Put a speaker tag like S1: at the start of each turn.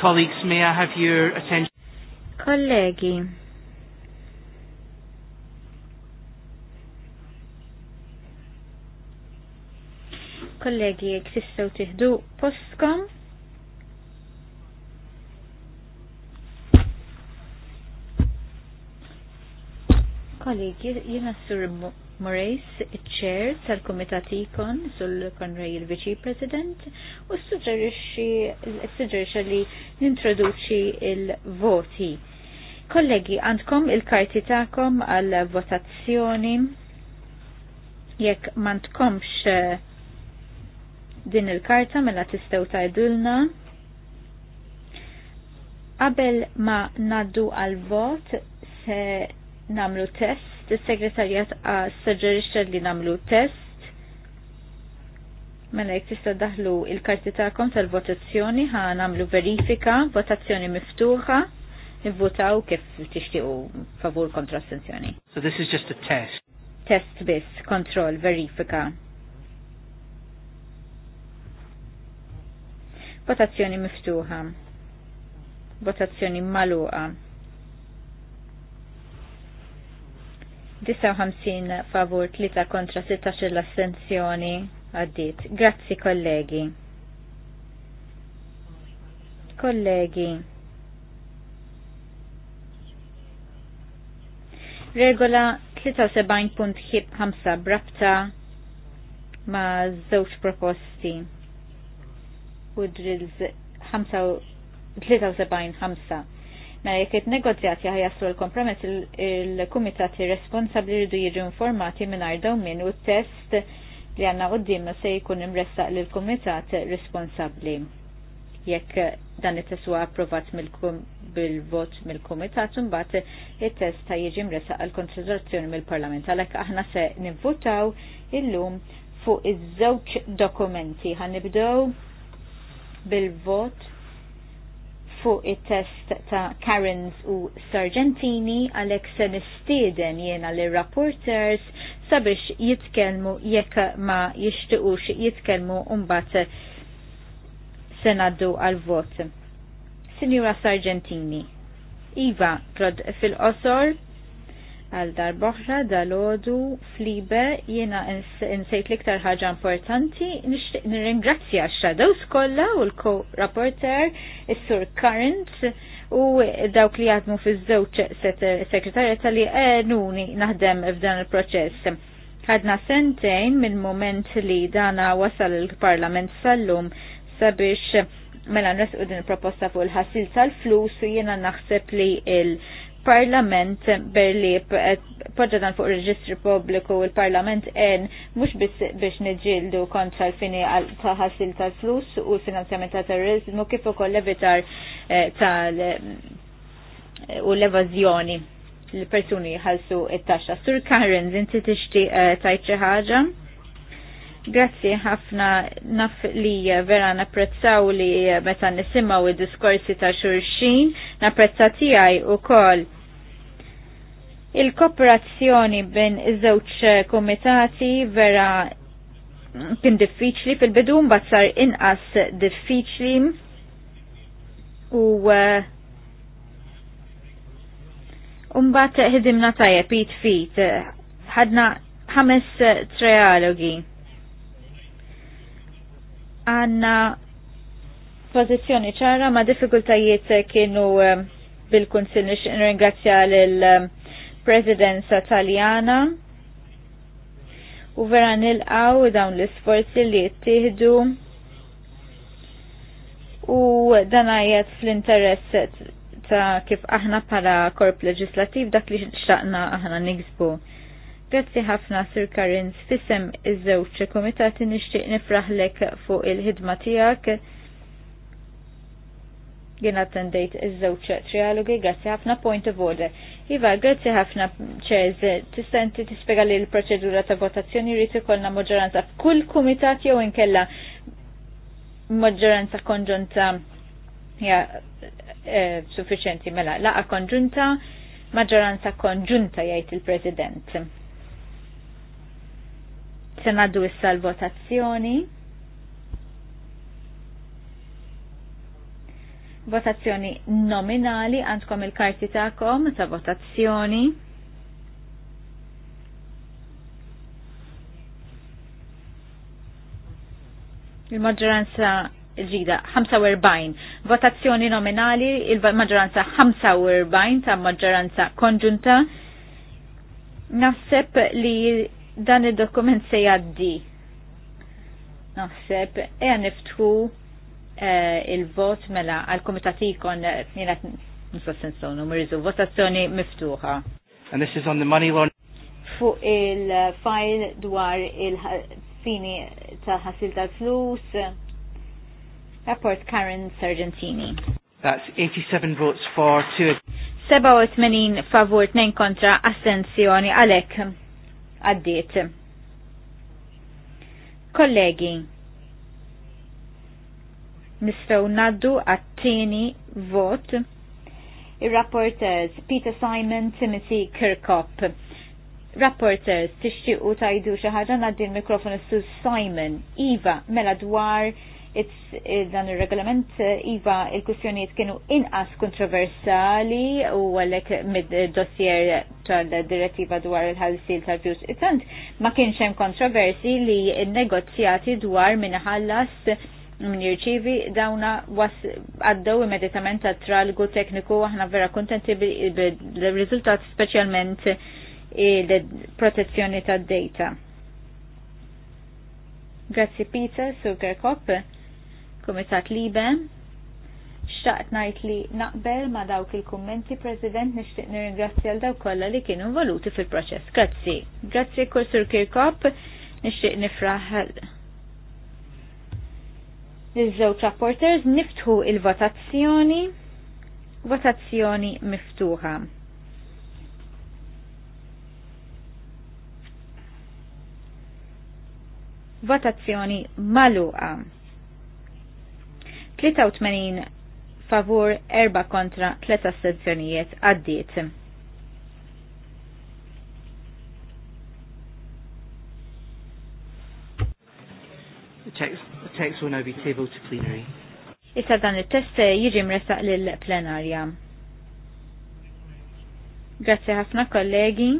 S1: Colleagues, may I have your attention? Colleghi. Colleghi, jek tistaw tiħdu postkom. Kollegi, jiena Sur Morejs, ċer tal-Komitat Ikon sul-Konrej il-Viċi President, u s-sugġerixi li nintroduċi il-voti. Kollegi, għandkom il-karti tagħkom għal-votazzjoni jekk m'għandkomx eh, din il-karta mela tistgħu tgħidulna qabel ma naddu għal vot se namlu test, il-segretarjat suġġerixxa li namlu test, mela jek tista' daħlu il-karti ta'kom tal-votazzjoni ħa namlu verifika, votazzjoni miftuħa, nivvotaw kif tixtiequ favur kontra assenzjoni. So this is just a test. Test biss, kontrol, verifika. Votazzjoni miftuħa. Votazzjoni maluqa. 59 favur 3 kontra 16 l assenzjoni għaddit. Grazzi kollegi. Kollegi. Regola 73.5 brabta ma żewġ proposti u drills 73.5 Mela jekk il-negozjati ħajaslu l-kompromess il-kumitati responsabli rridu jiġu informati mingħajr dawn min u test li għandna qudiemna se jkun imressaq lill-kumitat responsabbli. Jekk dan it-test huwa approvat bil-vot mill-kumitat imbagħad it-test ta' jiġi mressaq għal konsiderazzjoni mill-Parlament. Għalhekk aħna se nivvutaw illum fuq iż-żewġ dokumenti. Ħanibdew bil-vot fuq it-test ta' Karens u Sargentini għalek se nistieden jena li rapporters sabiex jitkelmu jekk ma jishtiqux jitkelmu umbat senaddu għal-vot. Signora Sargentini, Iva, prod fil-qosor, għal darboħra dal-ħodu flibe jena nsejt liktar ħaġa importanti nirringrazzja x-shadows kolla u l-co-rapporter il-sur current u dawk li għadmu fi żewġ sekretarja tal-li nuni naħdem f'dan il-proċess. Ħadna sentejn minn moment li dana wasal il-parlament sal-lum sabiex mela nresqu din il proposta fuq il-ħasil tal-flus u jena naħseb li il- il-Parlament Berli poġġa dan fuq il-Reġistri Pubbliku il-Parlament en mhux biex niġġieldu kontra l-fini ta' ħasil tal-flus u l-finanzjament ta' terrorizmu kif ukoll levitar eh, tal eh, u l-evażjoni l-persuni jħallsu it-taxxa. Sur Karen, inti tixtieq eh, tajt xi ħaġa? Grazzi ħafna naf li vera napprezzaw li meta nisimaw id-diskorsi ta' xurxin, napprezza tiegħi koll. Il-kooperazzjoni bejn iż-żewġ komitati vera kien diffiċli fil-bidu mbagħad sar inqas diffiċli u uh, mbagħad ħidimna tajjeb it fit ħadna ħames trialogi. Għanna pożizzjoni ċara ma' diffikultajiet kienu uh, bil-Kunsil nix ringrazzja l presidenza taljana u vera nilqaw dawn l-isforzi li jittihdu u dan għajet fl-interess ta' kif aħna pala korp leġislativ dak li xtaqna aħna niksbu. Grazzi ħafna Sir Karin fissem iż-żewġ komitati nixtieq nifraħlek fuq il-ħidma tiegħek jien attendejt iż-żewġ trialogi, għazzi ħafna point of order. Iva, grazzi ħafna ċez, tista' inti tispjega li l-proċedura ta' votazzjoni jrid ikollna maġġoranza f'kull kumitat jew inkella maġġoranza konġunta ja e, suffiċenti mela laqa konġunta, maġġoranza konġunta jgħid il-President. Se ngħaddu issa l-votazzjoni. votazzjoni nominali għandkom il-karti ta'kom ta' votazzjoni. Il-maġġoranza il-ġida 45. Votazzjoni nominali il-maġġoranza 45 ta' maġġoranza konġunta. Naħseb li dan il-dokument se jaddi. Naħseb, e niftħu Eh, il-vot mela għal-komitat ikon jenet nsostensonu mirizu, votazzjoni miftuħa. And this is on the money loan. Fuq il-fajl dwar il-fini ta' ħasil ta' flus Rapport Karen Sargentini. That's 87 votes for, 2 87 favur, 2 kontra, assenzjoni, għalek, għaddiet. Kollegi, Nistgħu naddu għat-tieni vot. Ir-rapporters Peter Simon, Timothy Kirkop. Rapporters, tixtiequ tajdu xi ħaġa ngħaddi l-mikrofonu su Simon. Iva, mela dwar eh, dan il-regolament eh, iva il-kussjoniet kienu inqas kontroversali u għalek mid-dossier tal-direttiva dwar il-ħalsil tal-fjus itant, ma kienx hemm kontroversi li il negozjati dwar ħallas min jirċivi dawna għaddew immedjatament għat tralgu tekniku aħna vera kontenti bil-riżultat speċjalment il-protezzjoni tad data Grazzi Peter, Sugar Kopp, Komitat Libe. Xtaqt najt li naqbel ma dawk il-kummenti, President, nishtiq nirringrazzja għal dawk kollha li kienu involuti fil-proċess. Grazzi. Grazzi Kursur Kirkop, nishtiq nifraħ Iż-żewġ rapporters niftħu il-votazzjoni, votazzjoni miftuħa. Votazzjoni maluqa. 83 favur, 4 kontra, 3 sezzjonijiet għaddit. The text, the text will now be tabled to plenary. Issa dan il-test jiġi mresaq lill-plenarja. Grazie ħafna kollegi.